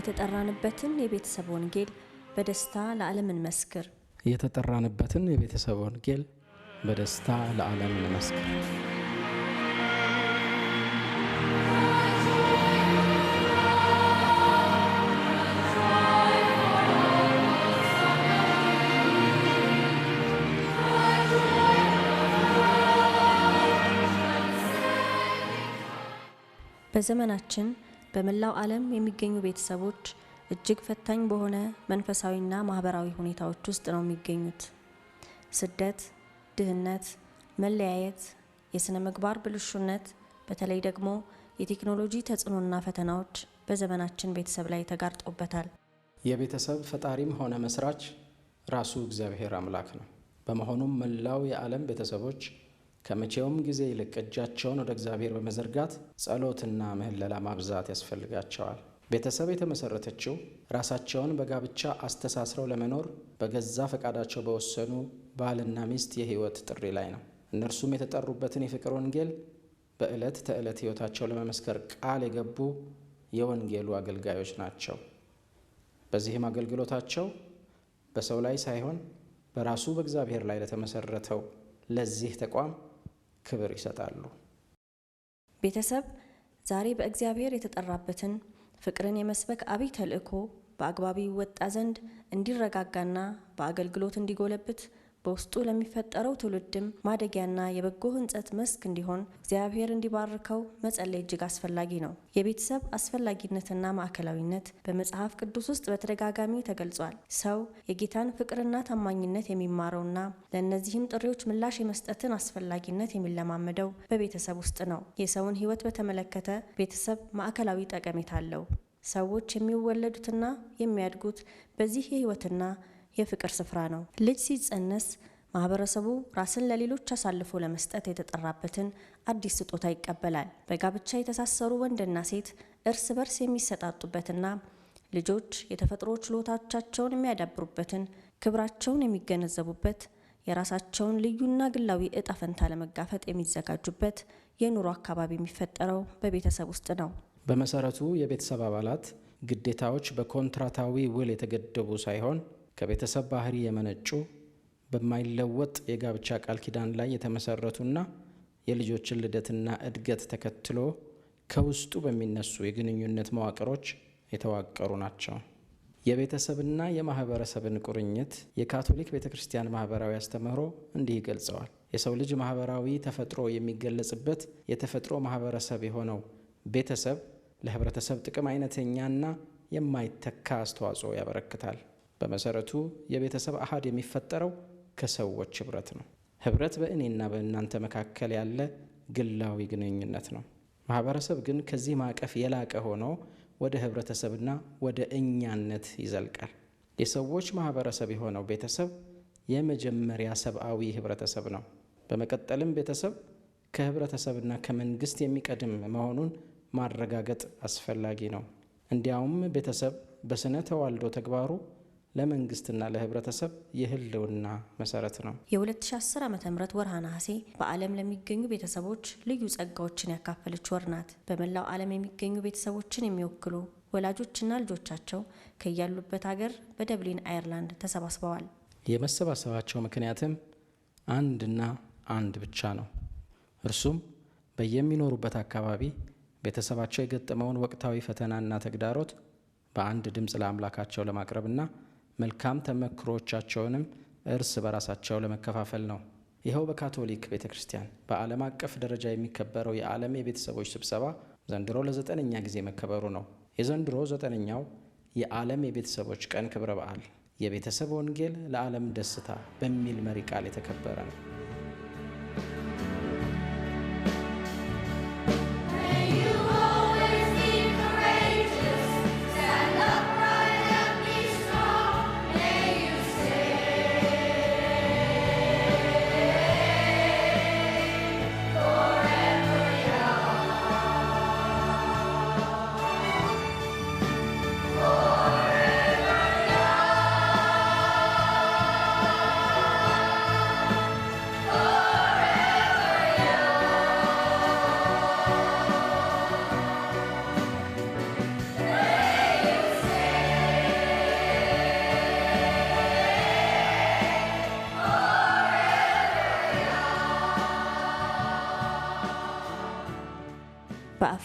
የተጠራንበትን የቤተሰብ ወንጌል በደስታ ለዓለም እንመስክር። የተጠራንበትን የቤተሰብ ወንጌል በደስታ ለዓለም እንመስክር። በዘመናችን በመላው ዓለም የሚገኙ ቤተሰቦች እጅግ ፈታኝ በሆነ መንፈሳዊና ማህበራዊ ሁኔታዎች ውስጥ ነው የሚገኙት። ስደት፣ ድህነት፣ መለያየት፣ የሥነ ምግባር ብልሹነት፣ በተለይ ደግሞ የቴክኖሎጂ ተጽዕኖና ፈተናዎች በዘመናችን ቤተሰብ ላይ ተጋርጦበታል። የቤተሰብ ፈጣሪም ሆነ መስራች ራሱ እግዚአብሔር አምላክ ነው። በመሆኑም መላው የዓለም ቤተሰቦች ከመቼውም ጊዜ ይልቅ እጃቸውን ወደ እግዚአብሔር በመዘርጋት ጸሎትና ምህለላ ማብዛት ያስፈልጋቸዋል። ቤተሰብ የተመሰረተችው ራሳቸውን በጋብቻ አስተሳስረው ለመኖር በገዛ ፈቃዳቸው በወሰኑ ባልና ሚስት የህይወት ጥሪ ላይ ነው። እነርሱም የተጠሩበትን የፍቅር ወንጌል በዕለት ተዕለት ሕይወታቸው ለመመስከር ቃል የገቡ የወንጌሉ አገልጋዮች ናቸው። በዚህም አገልግሎታቸው በሰው ላይ ሳይሆን በራሱ በእግዚአብሔር ላይ ለተመሰረተው ለዚህ ተቋም ክብር ይሰጣሉ። ቤተሰብ ዛሬ በእግዚአብሔር የተጠራበትን ፍቅርን የመስበክ አብይ ተልዕኮ በአግባቢ ይወጣ ዘንድ እንዲረጋጋና በአገልግሎት እንዲጎለብት በውስጡ ለሚፈጠረው ትውልድም ማደጊያና የበጎ ህንጸት መስክ እንዲሆን እግዚአብሔር እንዲባርከው መጸለይ እጅግ አስፈላጊ ነው። የቤተሰብ አስፈላጊነትና ማዕከላዊነት በመጽሐፍ ቅዱስ ውስጥ በተደጋጋሚ ተገልጿል። ሰው የጌታን ፍቅርና ታማኝነት የሚማረውና ለእነዚህም ጥሪዎች ምላሽ የመስጠትን አስፈላጊነት የሚለማመደው በቤተሰብ ውስጥ ነው። የሰውን ሕይወት በተመለከተ ቤተሰብ ማዕከላዊ ጠቀሜታ አለው። ሰዎች የሚወለዱትና የሚያድጉት በዚህ የሕይወትና የፍቅር ስፍራ ነው። ልጅ ሲጸነስ ማህበረሰቡ ራስን ለሌሎች አሳልፎ ለመስጠት የተጠራበትን አዲስ ስጦታ ይቀበላል። በጋብቻ የተሳሰሩ ወንድና ሴት እርስ በርስ የሚሰጣጡበትና ልጆች የተፈጥሮ ችሎታቻቸውን የሚያዳብሩበትን፣ ክብራቸውን የሚገነዘቡበት፣ የራሳቸውን ልዩና ግላዊ እጣ ፈንታ ለመጋፈጥ የሚዘጋጁበት የኑሮ አካባቢ የሚፈጠረው በቤተሰብ ውስጥ ነው። በመሰረቱ የቤተሰብ አባላት ግዴታዎች በኮንትራታዊ ውል የተገደቡ ሳይሆን ከቤተሰብ ባህሪ የመነጩ በማይለወጥ የጋብቻ ቃል ኪዳን ላይ የተመሰረቱና የልጆችን ልደትና እድገት ተከትሎ ከውስጡ በሚነሱ የግንኙነት መዋቅሮች የተዋቀሩ ናቸው። የቤተሰብና የማህበረሰብን ቁርኝት የካቶሊክ ቤተ ክርስቲያን ማህበራዊ አስተምህሮ እንዲህ ይገልጸዋል። የሰው ልጅ ማህበራዊ ተፈጥሮ የሚገለጽበት የተፈጥሮ ማህበረሰብ የሆነው ቤተሰብ ለህብረተሰብ ጥቅም አይነተኛና የማይተካ አስተዋጽኦ ያበረክታል። በመሰረቱ የቤተሰብ አሃድ የሚፈጠረው ከሰዎች ህብረት ነው። ህብረት በእኔና በእናንተ መካከል ያለ ግላዊ ግንኙነት ነው። ማህበረሰብ ግን ከዚህ ማዕቀፍ የላቀ ሆኖ ወደ ህብረተሰብና ወደ እኛነት ይዘልቃል። የሰዎች ማህበረሰብ የሆነው ቤተሰብ የመጀመሪያ ሰብአዊ ህብረተሰብ ነው። በመቀጠልም ቤተሰብ ከህብረተሰብና ከመንግስት የሚቀድም መሆኑን ማረጋገጥ አስፈላጊ ነው። እንዲያውም ቤተሰብ በስነ ተዋልዶ ተግባሩ ለመንግስትና ለህብረተሰብ የህልውና መሰረት ነው። የ2010 ዓ ም ወርሃ ነሐሴ በዓለም ለሚገኙ ቤተሰቦች ልዩ ጸጋዎችን ያካፈለች ወር ናት። በመላው ዓለም የሚገኙ ቤተሰቦችን የሚወክሉ ወላጆችና ልጆቻቸው ከያሉበት ሀገር በደብሊን አየርላንድ ተሰባስበዋል። የመሰባሰባቸው ምክንያትም አንድና አንድ ብቻ ነው። እርሱም በየሚኖሩበት አካባቢ ቤተሰባቸው የገጠመውን ወቅታዊ ፈተናና ተግዳሮት በአንድ ድምፅ ለአምላካቸው ለማቅረብና መልካም ተመክሮቻቸውንም እርስ በራሳቸው ለመከፋፈል ነው። ይኸው በካቶሊክ ቤተ ክርስቲያን በዓለም አቀፍ ደረጃ የሚከበረው የዓለም የቤተሰቦች ስብሰባ ዘንድሮ ለዘጠነኛ ጊዜ መከበሩ ነው። የዘንድሮ ዘጠነኛው የዓለም የቤተሰቦች ቀን ክብረ በዓል የቤተሰብ ወንጌል ለዓለም ደስታ በሚል መሪ ቃል የተከበረ ነው።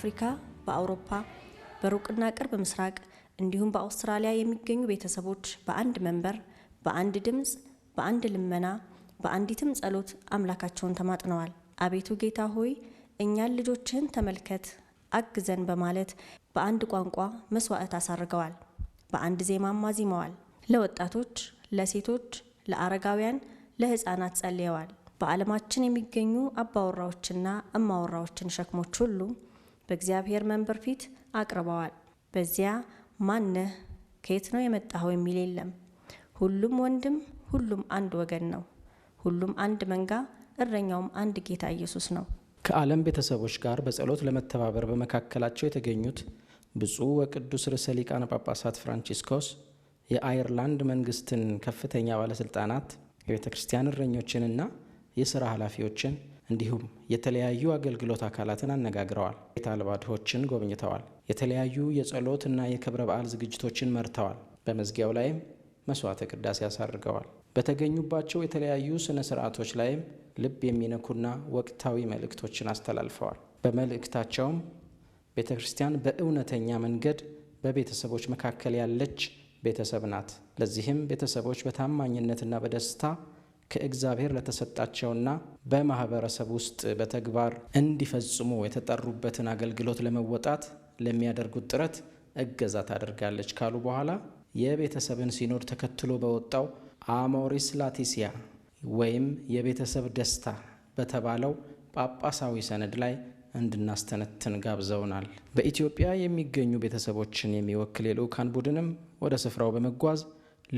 በአፍሪካ፣ በአውሮፓ፣ በሩቅና ቅርብ ምስራቅ እንዲሁም በአውስትራሊያ የሚገኙ ቤተሰቦች በአንድ መንበር፣ በአንድ ድምፅ፣ በአንድ ልመና፣ በአንዲትም ጸሎት አምላካቸውን ተማጥነዋል። አቤቱ ጌታ ሆይ እኛን ልጆችህን ተመልከት፣ አግዘን በማለት በአንድ ቋንቋ መስዋዕት አሳርገዋል። በአንድ ዜማም አዚመዋል። ለወጣቶች፣ ለሴቶች፣ ለአረጋውያን፣ ለህፃናት ጸልየዋል። በዓለማችን የሚገኙ አባወራዎችና እማወራዎችን ሸክሞች ሁሉ በእግዚአብሔር መንበር ፊት አቅርበዋል። በዚያ ማነህ፣ ከየት ነው የመጣኸው የሚል የለም። ሁሉም ወንድም፣ ሁሉም አንድ ወገን ነው። ሁሉም አንድ መንጋ፣ እረኛውም አንድ ጌታ ኢየሱስ ነው። ከዓለም ቤተሰቦች ጋር በጸሎት ለመተባበር በመካከላቸው የተገኙት ብፁዕ ወቅዱስ ርዕሰ ሊቃነ ጳጳሳት ፍራንቺስኮስ የአየርላንድ መንግስትን ከፍተኛ ባለሥልጣናት የቤተ ክርስቲያን እረኞችንና የሥራ ኃላፊዎችን እንዲሁም የተለያዩ አገልግሎት አካላትን አነጋግረዋል። ቤት አልባ ድሆችን ጎብኝተዋል። የተለያዩ የጸሎት እና የክብረ በዓል ዝግጅቶችን መርተዋል። በመዝጊያው ላይም መስዋዕተ ቅዳሴ ያሳርገዋል። በተገኙባቸው የተለያዩ ስነ ስርዓቶች ላይም ልብ የሚነኩና ወቅታዊ መልእክቶችን አስተላልፈዋል። በመልእክታቸውም ቤተ ክርስቲያን በእውነተኛ መንገድ በቤተሰቦች መካከል ያለች ቤተሰብ ናት። ለዚህም ቤተሰቦች በታማኝነትና በደስታ ከእግዚአብሔር ለተሰጣቸውና በማህበረሰብ ውስጥ በተግባር እንዲፈጽሙ የተጠሩበትን አገልግሎት ለመወጣት ለሚያደርጉት ጥረት እገዛ ታደርጋለች ካሉ በኋላ የቤተሰብን ሲኖድ ተከትሎ በወጣው አሞሪስ ላቲሲያ ወይም የቤተሰብ ደስታ በተባለው ጳጳሳዊ ሰነድ ላይ እንድናስተነትን ጋብዘውናል። በኢትዮጵያ የሚገኙ ቤተሰቦችን የሚወክል የልዑካን ቡድንም ወደ ስፍራው በመጓዝ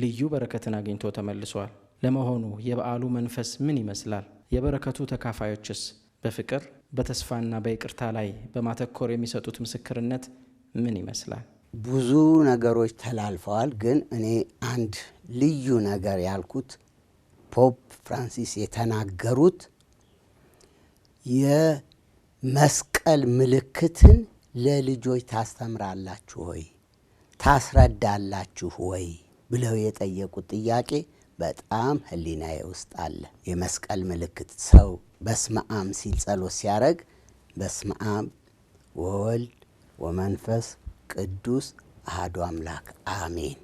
ልዩ በረከትን አግኝቶ ተመልሷል። ለመሆኑ የበዓሉ መንፈስ ምን ይመስላል? የበረከቱ ተካፋዮችስ በፍቅር በተስፋና በይቅርታ ላይ በማተኮር የሚሰጡት ምስክርነት ምን ይመስላል? ብዙ ነገሮች ተላልፈዋል። ግን እኔ አንድ ልዩ ነገር ያልኩት ፖፕ ፍራንሲስ የተናገሩት የመስቀል ምልክትን ለልጆች ታስተምራላችሁ ወይ ታስረዳላችሁ ወይ ብለው የጠየቁት ጥያቄ በጣም ህሊናዬ ውስጥ አለ። የመስቀል ምልክት ሰው በስመ አብ ሲል ጸሎት ሲያደርግ በስመ አብ ወወልድ ወመንፈስ ቅዱስ አህዶ አምላክ አሜን።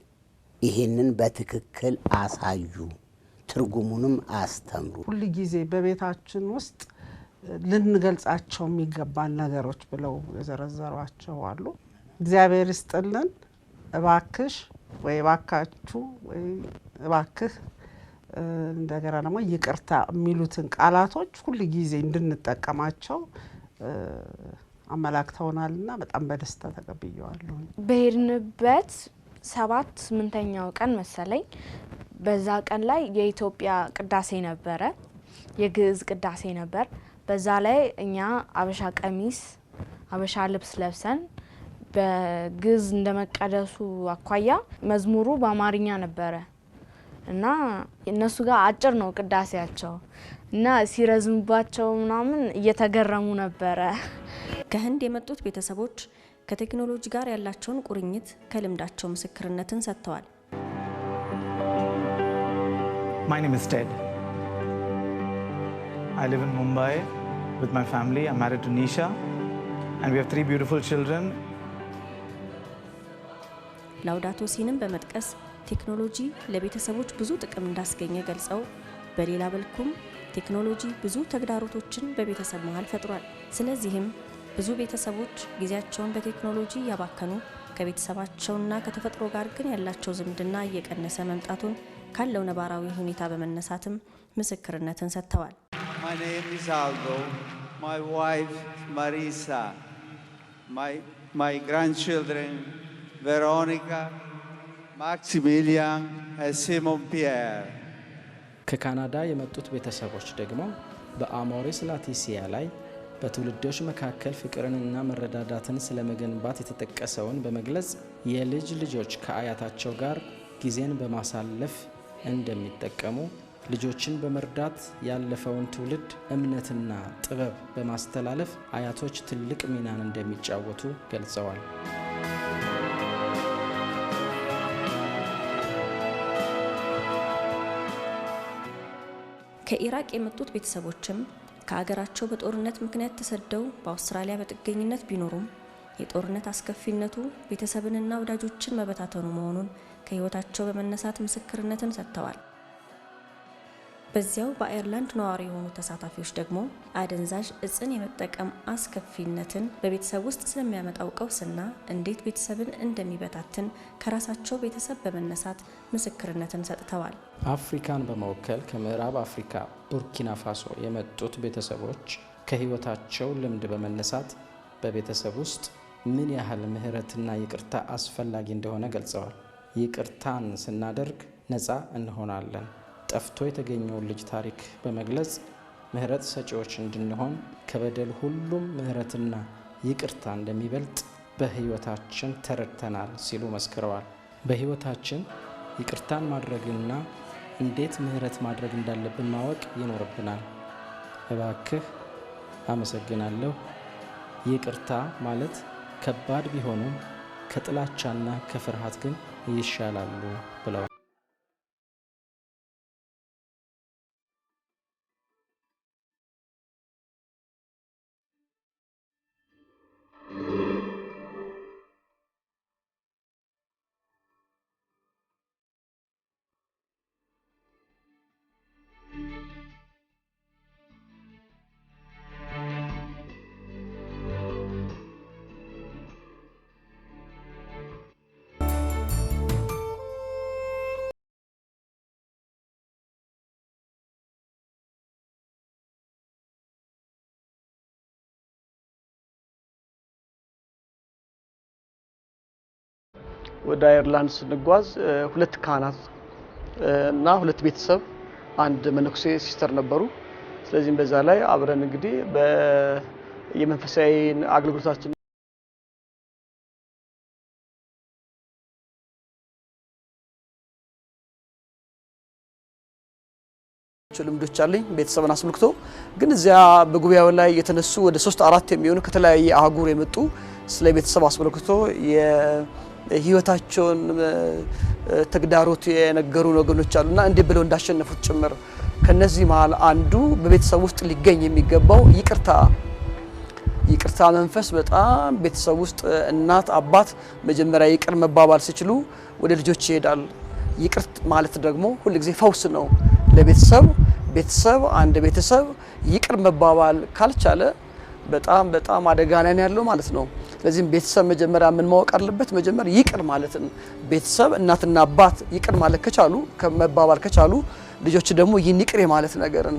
ይህንን በትክክል አሳዩ፣ ትርጉሙንም አስተምሩ። ሁል ጊዜ በቤታችን ውስጥ ልንገልጻቸው የሚገባን ነገሮች ብለው የዘረዘሯቸው አሉ። እግዚአብሔር ይስጥልን። እባክሽ ወይ እባካችሁ ወይ እባክህ እንደገና ደግሞ ይቅርታ የሚሉትን ቃላቶች ሁል ጊዜ እንድንጠቀማቸው አመላክተውናልና በጣም በደስታ ተቀብየዋለሁ። በሄድንበት ሰባት ስምንተኛው ቀን መሰለኝ በዛ ቀን ላይ የኢትዮጵያ ቅዳሴ ነበረ፣ የግዕዝ ቅዳሴ ነበር። በዛ ላይ እኛ አበሻ ቀሚስ አበሻ ልብስ ለብሰን በግዕዝ እንደመቀደሱ አኳያ መዝሙሩ በአማርኛ ነበረ። እና እነሱ ጋር አጭር ነው ቅዳሴያቸው እና ሲረዝምባቸው ምናምን እየተገረሙ ነበረ። ከህንድ የመጡት ቤተሰቦች ከቴክኖሎጂ ጋር ያላቸውን ቁርኝት ከልምዳቸው ምስክርነትን ሰጥተዋል። My name is Ted. I live in Mumbai with my family. I'm married to Nisha and we have three beautiful children. ላውዳቶ ሲንም በመጥቀስ ቴክኖሎጂ ለቤተሰቦች ብዙ ጥቅም እንዳስገኘ ገልጸው በሌላ መልኩም ቴክኖሎጂ ብዙ ተግዳሮቶችን በቤተሰብ መሀል ፈጥሯል። ስለዚህም ብዙ ቤተሰቦች ጊዜያቸውን በቴክኖሎጂ እያባከኑ ከቤተሰባቸውና ከተፈጥሮ ጋር ግን ያላቸው ዝምድና እየቀነሰ መምጣቱን ካለው ነባራዊ ሁኔታ በመነሳትም ምስክርነትን ሰጥተዋል። ማሪሳ ማክሲሚሊያን ሲሞን ፒየር። ከካናዳ የመጡት ቤተሰቦች ደግሞ በአሞሪስ ላቲሲያ ላይ በትውልዶች መካከል ፍቅርንና መረዳዳትን ስለመገንባት የተጠቀሰውን በመግለጽ የልጅ ልጆች ከአያታቸው ጋር ጊዜን በማሳለፍ እንደሚጠቀሙ ልጆችን በመርዳት ያለፈውን ትውልድ እምነትና ጥበብ በማስተላለፍ አያቶች ትልቅ ሚናን እንደሚጫወቱ ገልጸዋል። ከኢራቅ የመጡት ቤተሰቦችም ከአገራቸው በጦርነት ምክንያት ተሰደው በአውስትራሊያ በጥገኝነት ቢኖሩም የጦርነት አስከፊነቱ ቤተሰብንና ወዳጆችን መበታተኑ መሆኑን ከህይወታቸው በመነሳት ምስክርነትን ሰጥተዋል። በዚያው በአየርላንድ ነዋሪ የሆኑ ተሳታፊዎች ደግሞ አደንዛዥ እጽን የመጠቀም አስከፊነትን፣ በቤተሰብ ውስጥ ስለሚያመጣው ቀውስና እንዴት ቤተሰብን እንደሚበታትን ከራሳቸው ቤተሰብ በመነሳት ምስክርነትን ሰጥተዋል። አፍሪካን በመወከል ከምዕራብ አፍሪካ ቡርኪና ፋሶ የመጡት ቤተሰቦች ከህይወታቸው ልምድ በመነሳት በቤተሰብ ውስጥ ምን ያህል ምህረትና ይቅርታ አስፈላጊ እንደሆነ ገልጸዋል። ይቅርታን ስናደርግ ነፃ እንሆናለን። ጠፍቶ የተገኘውን ልጅ ታሪክ በመግለጽ ምህረት ሰጪዎች እንድንሆን ከበደል ሁሉም ምህረትና ይቅርታ እንደሚበልጥ በህይወታችን ተረድተናል ሲሉ መስክረዋል። በህይወታችን ይቅርታን ማድረግና እንዴት ምህረት ማድረግ እንዳለብን ማወቅ ይኖርብናል። እባክህ፣ አመሰግናለሁ። ይቅርታ ማለት ከባድ ቢሆንም ከጥላቻና ከፍርሃት ግን ይሻላሉ ብለዋል። ወደ አየርላንድ ስንጓዝ ሁለት ካህናት እና ሁለት ቤተሰብ አንድ መነኩሴ ሲስተር ነበሩ። ስለዚህም በዛ ላይ አብረን እንግዲህ የመንፈሳዊ አገልግሎታችን ልምዶች አለኝ ቤተሰብን አስመልክቶ ግን እዚያ በጉባኤው ላይ የተነሱ ወደ ሶስት አራት የሚሆኑ ከተለያየ አህጉር የመጡ ስለ ቤተሰብ አስመልክቶ ህይወታቸውን ተግዳሮት የነገሩን ወገኖች አሉና እንዲህ ብለው እንዳሸነፉት ጭምር ከነዚህ መሀል አንዱ በቤተሰብ ውስጥ ሊገኝ የሚገባው ይቅርታ ይቅርታ መንፈስ በጣም ቤተሰብ ውስጥ እናት አባት መጀመሪያ ይቅር መባባል ሲችሉ ወደ ልጆች ይሄዳል። ይቅር ማለት ደግሞ ሁልጊዜ ፈውስ ነው ለቤተሰብ። ቤተሰብ አንድ ቤተሰብ ይቅር መባባል ካልቻለ በጣም በጣም አደጋ ላይ ያለው ማለት ነው። ለዚህም ቤተሰብ መጀመሪያ ምን ማወቅ አለበት? መጀመር ይቅር ማለትን። ቤተሰብ እናትና አባት ይቅር ማለት ከቻሉ ከመባባል ከቻሉ ልጆች ደግሞ ይህን ይቅር የማለት ነገርን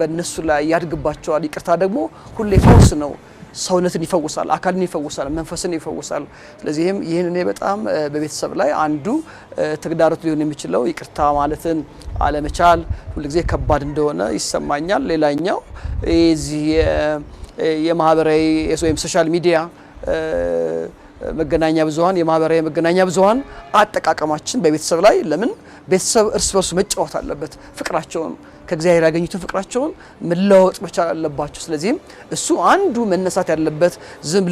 በእነሱ ላይ ያድግባቸዋል። ይቅርታ ደግሞ ሁሌ ፈውስ ነው። ሰውነትን ይፈውሳል፣ አካልን ይፈውሳል፣ መንፈስን ይፈውሳል። ስለዚህም ይህን እኔ በጣም በቤተሰብ ላይ አንዱ ተግዳሮት ሊሆን የሚችለው ይቅርታ ማለትን አለመቻል ሁልጊዜ ከባድ እንደሆነ ይሰማኛል። ሌላኛው የዚህ የማህበራዊ ወይም ሶሻል ሚዲያ መገናኛ ብዙኃን የማህበራዊ መገናኛ ብዙኃን አጠቃቀማችን በቤተሰብ ላይ ለምን ቤተሰብ እርስ በርሱ መጫወት አለበት። ፍቅራቸውን ከእግዚአብሔር ያገኙትን ፍቅራቸውን መለዋወጥ መቻል አለባቸው። ስለዚህም እሱ አንዱ መነሳት ያለበት።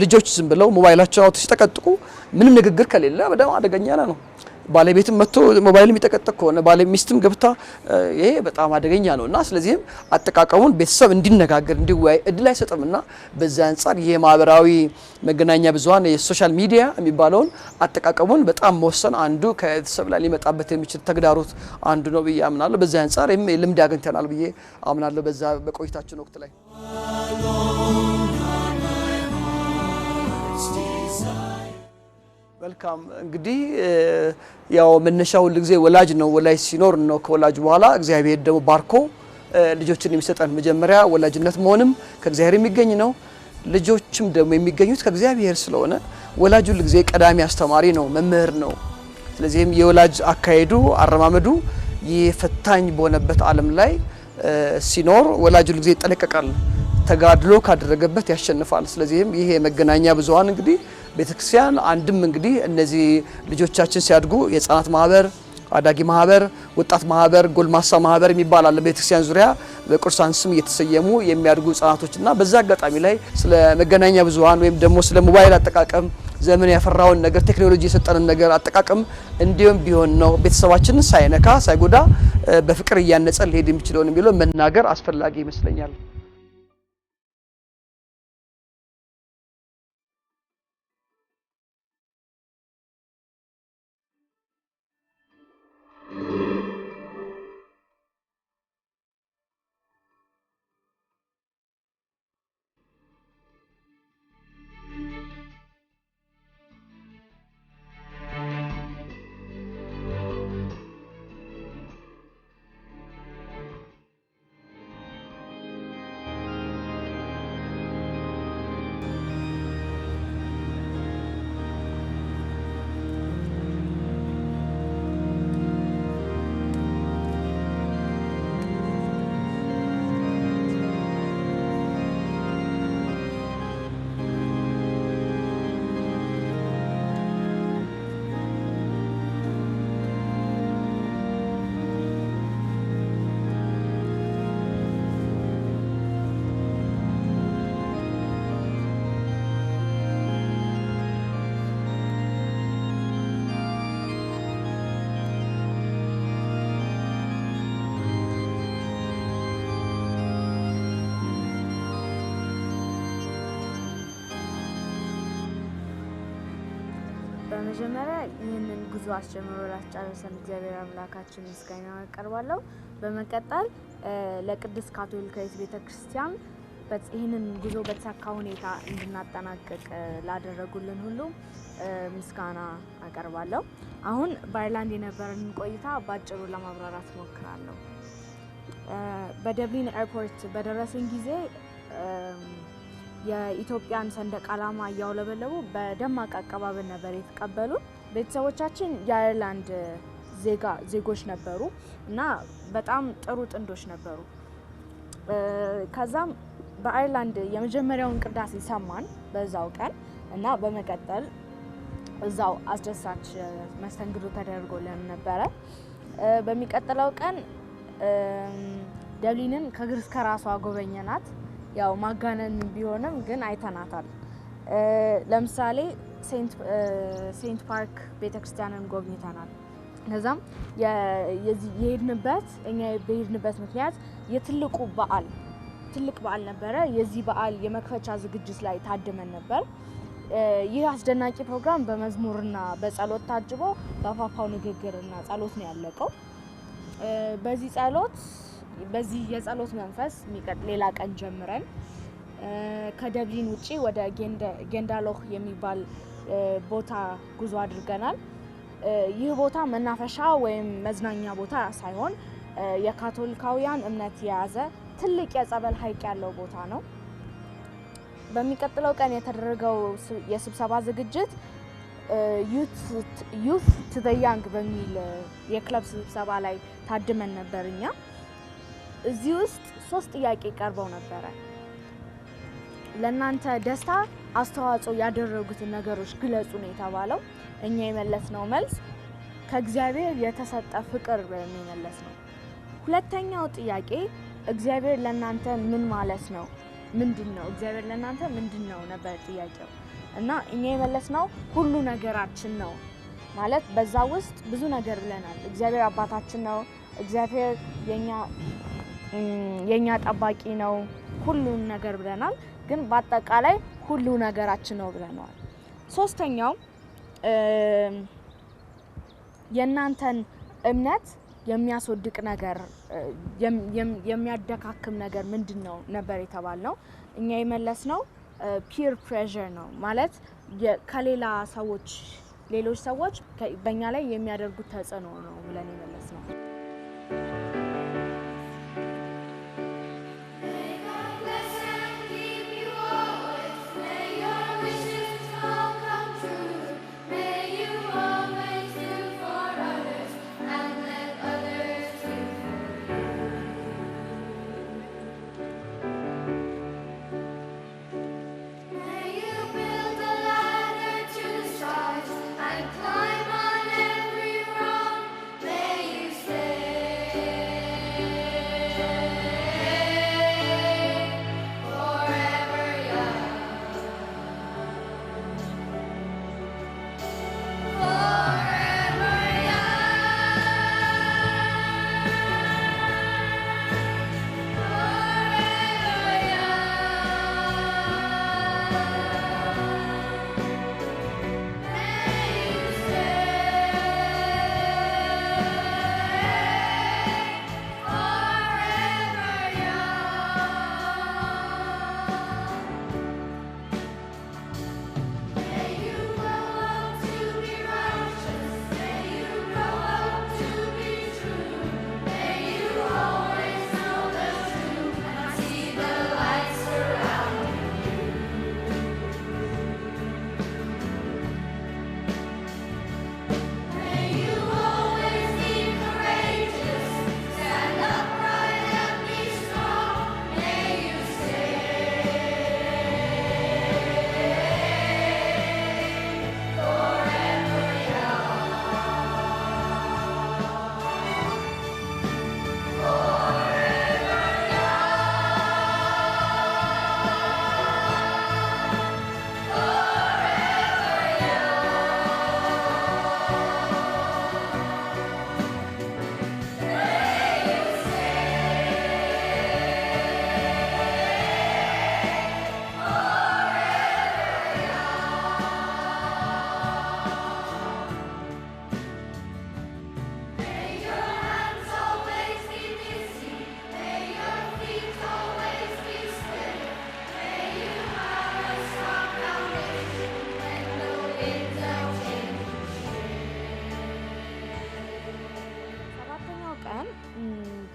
ልጆች ዝም ብለው ሞባይላቸው አውጥተው ሲጠቀጥቁ ምንም ንግግር ከሌለ በጣም አደገኛ ነው። ባለቤትም መጥቶ ሞባይል የሚጠቀጠቅ ከሆነ ባለሚስትም ሚስትም ገብታ ይሄ በጣም አደገኛ ነው እና ስለዚህም አጠቃቀሙን ቤተሰብ እንዲነጋገር እንዲወያይ እድል አይሰጥም እና በዚያ አንጻር የማህበራዊ መገናኛ ብዙሀን የሶሻል ሚዲያ የሚባለውን አጠቃቀሙን በጣም መወሰን አንዱ ከቤተሰብ ላይ ሊመጣበት የሚችል ተግዳሮት አንዱ ነው ብዬ አምናለሁ። በዚያ አንጻር ልምድ አግኝተናል ብዬ አምናለሁ በዛ በቆይታችን ወቅት ላይ መልካም እንግዲህ ያው መነሻው ሁል ጊዜ ወላጅ ነው። ወላጅ ሲኖር ነው ከወላጅ በኋላ እግዚአብሔር ደግሞ ባርኮ ልጆችን የሚሰጠን። መጀመሪያ ወላጅነት መሆንም ከእግዚአብሔር የሚገኝ ነው። ልጆችም ደግሞ የሚገኙት ከእግዚአብሔር ስለሆነ ወላጅ ሁል ጊዜ ቀዳሚ አስተማሪ ነው፣ መምህር ነው። ስለዚህም የወላጅ አካሄዱ አረማመዱ የፈታኝ በሆነበት ዓለም ላይ ሲኖር ወላጅ ሁል ጊዜ ይጠነቀቃል። ተጋድሎ ካደረገበት ያሸንፋል። ስለዚህም ይሄ የመገናኛ ብዙሃን እንግዲህ ቤተክርስቲያን አንድም እንግዲህ እነዚህ ልጆቻችን ሲያድጉ የህፃናት ማህበር አዳጊ ማህበር፣ ወጣት ማህበር፣ ጎልማሳ ማህበር የሚባል አለ። ቤተክርስቲያን ዙሪያ በቅዱሳን ስም እየተሰየሙ የሚያድጉ ና በዛ አጋጣሚ ላይ ስለ መገናኛ ብዙሀን ወይም ደግሞ ስለ ሞባይል አጠቃቀም ዘመን ያፈራውን ነገር ቴክኖሎጂ የሰጠንን ነገር አጠቃቀም እንዲሁም ቢሆን ነው ቤተሰባችንን ሳይነካ ሳይጎዳ በፍቅር እያነጸ ሊሄድ የሚችለውን የሚለው መናገር አስፈላጊ ይመስለኛል። በመጀመሪያ ይህንን ጉዞ አስጀምሮ ላስጨረሰን እግዚአብሔር አምላካችን ምስጋና አቀርባለሁ። በመቀጠል ለቅድስት ካቶሊካዊት ቤተ ክርስቲያን ይህንን ጉዞ በተሳካ ሁኔታ እንድናጠናቀቅ ላደረጉልን ሁሉ ምስጋና አቀርባለሁ። አሁን በአይርላንድ የነበረን ቆይታ በአጭሩ ለማብራራት ሞክራለሁ። በደብሊን ኤርፖርት በደረስን ጊዜ የኢትዮጵያን ሰንደቅ ዓላማ እያውለበለቡ በደማቅ አቀባበል ነበር የተቀበሉ። ቤተሰቦቻችን የአየርላንድ ዜጋ ዜጎች ነበሩ እና በጣም ጥሩ ጥንዶች ነበሩ። ከዛም በአየርላንድ የመጀመሪያውን ቅዳሴ ሰማን በዛው ቀን እና በመቀጠል እዛው አስደሳች መስተንግዶ ተደርጎልን ነበረ። በሚቀጥለው ቀን ደብሊንን ከእግር እስከ ራሷ ጎበኘናት። ያው ማጋነን ቢሆንም ግን አይተናታል። ለምሳሌ ሴንት ፓርክ ቤተክርስቲያንን ጎብኝተናል። ከዛም የሄድንበት እኛ በሄድንበት ምክንያት የትልቁ በዓል ትልቅ በዓል ነበረ። የዚህ በዓል የመክፈቻ ዝግጅት ላይ ታድመን ነበር። ይህ አስደናቂ ፕሮግራም በመዝሙርና በጸሎት ታጅቦ በአፋፋው ንግግርና ጸሎት ነው ያለቀው። በዚህ ጸሎት በዚህ የጸሎት መንፈስ ሌላ ቀን ጀምረን ከደብሊን ውጪ ወደ ጌንዳሎህ የሚባል ቦታ ጉዞ አድርገናል። ይህ ቦታ መናፈሻ ወይም መዝናኛ ቦታ ሳይሆን የካቶሊካውያን እምነት የያዘ ትልቅ የጸበል ሐይቅ ያለው ቦታ ነው። በሚቀጥለው ቀን የተደረገው የስብሰባ ዝግጅት ዩት ቱ ዘ ያንግ በሚል የክለብ ስብሰባ ላይ ታድመን ነበር እኛ እዚህ ውስጥ ሶስት ጥያቄ ቀርበው ነበረ። ለእናንተ ደስታ አስተዋጽኦ ያደረጉትን ነገሮች ግለጹ ነው የተባለው። እኛ የመለስነው መልስ ከእግዚአብሔር የተሰጠ ፍቅር የሚመለስ ነው። ሁለተኛው ጥያቄ እግዚአብሔር ለእናንተ ምን ማለት ነው? ምንድን ነው እግዚአብሔር ለእናንተ ምንድን ነው ነበር ጥያቄው። እና እኛ የመለስነው ሁሉ ነገራችን ነው ማለት በዛ ውስጥ ብዙ ነገር ብለናል። እግዚአብሔር አባታችን ነው። እግዚአብሔር የኛ የእኛ ጠባቂ ነው ሁሉን ነገር ብለናል። ግን በአጠቃላይ ሁሉ ነገራችን ነው ብለነዋል። ሶስተኛው የእናንተን እምነት የሚያስወድቅ ነገር የሚያደካክም ነገር ምንድን ነው ነበር የተባልነው። እኛ የመለስ ነው ፒር ፕሬዠር ነው ማለት ከሌላ ሰዎች ሌሎች ሰዎች በእኛ ላይ የሚያደርጉት ተጽዕኖ ነው ብለን የመለስ ነው።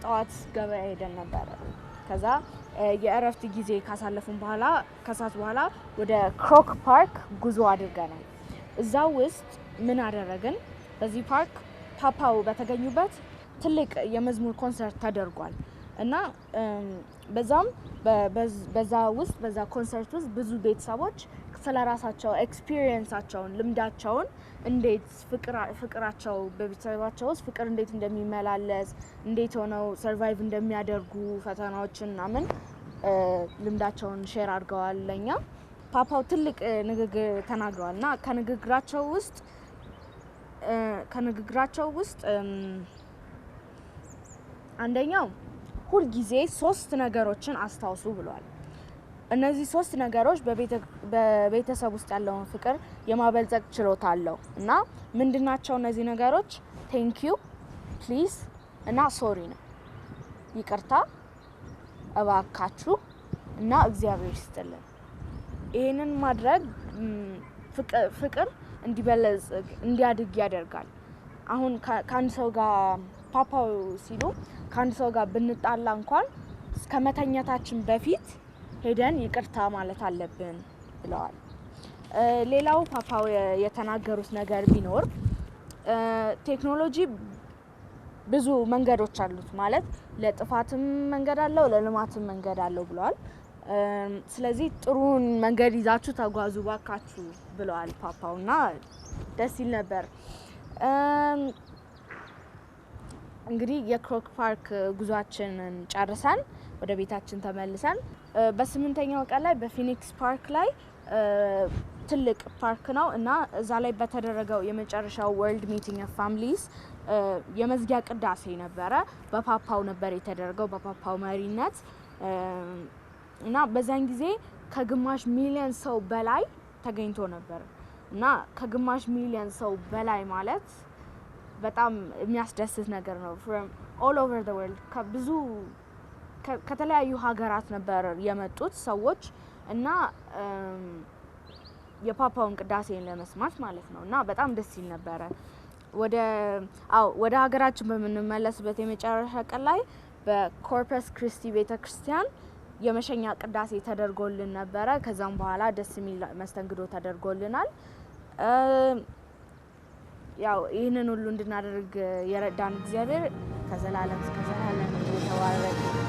ጠዋት ገበያ ሄደን ነበረ። ከዛ የእረፍት ጊዜ ካሳለፉን በኋላ ከሰዓት በኋላ ወደ ክሮክ ፓርክ ጉዞ አድርገናል። እዛ ውስጥ ምን አደረግን? በዚህ ፓርክ ፓፓው በተገኙበት ትልቅ የመዝሙር ኮንሰርት ተደርጓል እና በዛም በዛ ውስጥ በዛ ኮንሰርት ውስጥ ብዙ ቤተሰቦች ስለ ራሳቸው ኤክስፒሪየንሳቸውን ልምዳቸውን እንዴት ፍቅራቸው በቤተሰባቸው ውስጥ ፍቅር እንዴት እንደሚመላለስ እንዴት ሆነው ሰርቫይቭ እንደሚያደርጉ ፈተናዎችን ምናምን ልምዳቸውን ሼር አድርገዋል ለኛ። ፓፓው ትልቅ ንግግር ተናግረዋል እና ከንግግራቸው ውስጥ ከንግግራቸው ውስጥ አንደኛው ሁልጊዜ ሶስት ነገሮችን አስታውሱ ብሏል። እነዚህ ሶስት ነገሮች በቤተሰብ ውስጥ ያለውን ፍቅር የማበልጸግ ችሎታ አለው እና ምንድናቸው እነዚህ ነገሮች? ቴንኪ፣ ፕሊዝ እና ሶሪ ነው። ይቅርታ፣ እባካችሁ እና እግዚአብሔር ይስጥልን። ይህንን ማድረግ ፍቅር እንዲበለጽግ እንዲያድግ ያደርጋል። አሁን ከአንድ ሰው ጋር ፓፓው ሲሉ ከአንድ ሰው ጋር ብንጣላ እንኳን ከመተኛታችን በፊት ሄደን ይቅርታ ማለት አለብን ብለዋል። ሌላው ፓፓው የተናገሩት ነገር ቢኖር ቴክኖሎጂ ብዙ መንገዶች አሉት ማለት ለጥፋትም መንገድ አለው፣ ለልማትም መንገድ አለው ብለዋል። ስለዚህ ጥሩን መንገድ ይዛችሁ ተጓዙ ባካችሁ ብለዋል ፓፓው እና ደስ ይል ነበር። እንግዲህ የክሮክ ፓርክ ጉዟችንን ጨርሰን ወደ ቤታችን ተመልሰን በስምንተኛው ቀን ላይ በፊኒክስ ፓርክ ላይ ትልቅ ፓርክ ነው እና እዛ ላይ በተደረገው የመጨረሻው ወርልድ ሚቲንግ ፋሚሊስ የመዝጊያ ቅዳሴ ነበረ። በፓፓው ነበር የተደረገው በፓፓው መሪነት እና በዛን ጊዜ ከግማሽ ሚሊዮን ሰው በላይ ተገኝቶ ነበር እና ከግማሽ ሚሊዮን ሰው በላይ ማለት በጣም የሚያስደስት ነገር ነው። ፍሮም ኦል ኦቨር ዘ ወርልድ ከብዙ ከተለያዩ ሀገራት ነበር የመጡት ሰዎች እና የፓፓውን ቅዳሴን ለመስማት ማለት ነው እና በጣም ደስ ሲል ነበረ። ወደ አዎ ወደ ሀገራችን በምንመለስበት የመጨረሻ ቀን ላይ በኮርፐስ ክሪስቲ ቤተ ክርስቲያን የመሸኛ ቅዳሴ ተደርጎልን ነበረ። ከዛም በኋላ ደስ የሚል መስተንግዶ ተደርጎልናል። ያው ይህንን ሁሉ እንድናደርግ የረዳን እግዚአብሔር ከዘላለም እስከ ዘላለም የተባረከ